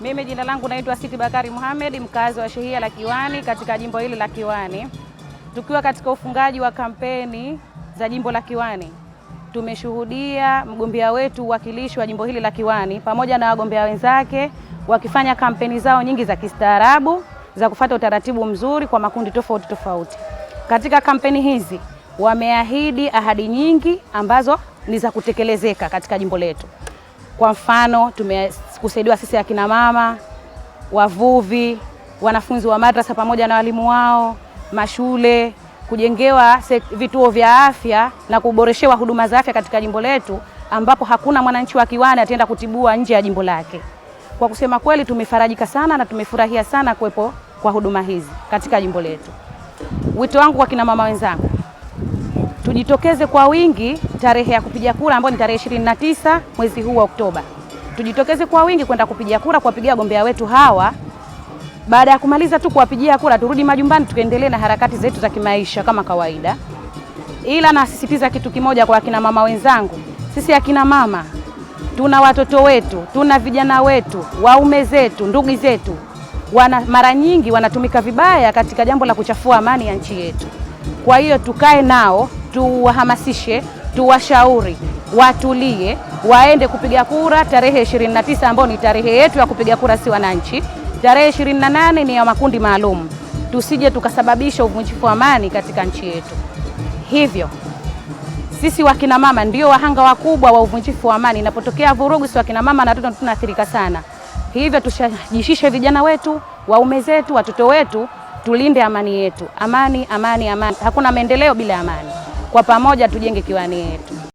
Mimi jina langu naitwa Siti Bakari Muhammad, mkazi wa shehia la Kiwani katika jimbo hili la Kiwani. Tukiwa katika ufungaji wa kampeni za jimbo la Kiwani, tumeshuhudia mgombea wetu uwakilishi wa jimbo hili la Kiwani pamoja na wagombea wenzake wakifanya kampeni zao nyingi za kistaarabu za kufata utaratibu mzuri kwa makundi tofauti tofauti. Katika kampeni hizi wameahidi ahadi nyingi ambazo ni za kutekelezeka katika jimbo letu. Kwa mfano tumekusaidiwa sisi akina mama, wavuvi, wanafunzi wa madrasa pamoja na walimu wao, mashule kujengewa vituo vya afya na kuboreshewa huduma za afya katika jimbo letu, ambapo hakuna mwananchi wa Kiwani ataenda kutibua nje ya jimbo lake. Kwa kusema kweli, tumefarajika sana na tumefurahia sana kuwepo kwa huduma hizi katika jimbo letu. Wito wangu kwa kina mama wenzangu Tujitokeze kwa wingi tarehe ya kupiga kura ambayo ni tarehe ishirini mwezi huu wa Oktoba. Tujitokeze kwa wingi kwenda kupiga kura, kuwapigia wagombea wetu hawa. Baada ya kumaliza tu kuwapigia kura, turudi majumbani, tukaendelee na harakati zetu za kimaisha kama kawaida. Ila nasisitiza kitu kimoja kwa akina mama wenzangu, sisi akina mama tuna watoto wetu, tuna vijana wetu, waume zetu, ndugu zetu wana, mara nyingi wanatumika vibaya katika jambo la kuchafua amani ya nchi yetu. Kwa hiyo tukae nao tuwahamasishe, tuwashauri watulie, waende kupiga kura tarehe 29 ambayo ni tarehe yetu ya kupiga kura, si wananchi. Tarehe 28 ni ya makundi maalum, tusije tukasababisha uvunjifu wa amani katika nchi yetu. Hivyo sisi wakina mama ndio wahanga wakubwa wa uvunjifu wa amani. Inapotokea vurugu, si wakina mama na watoto tunaathirika sana. Hivyo tushajishishe vijana wetu, waume zetu, watoto wetu, tulinde amani yetu. Amani, amani, amani. Hakuna maendeleo bila amani kwa pamoja tujenge Kiwani yetu.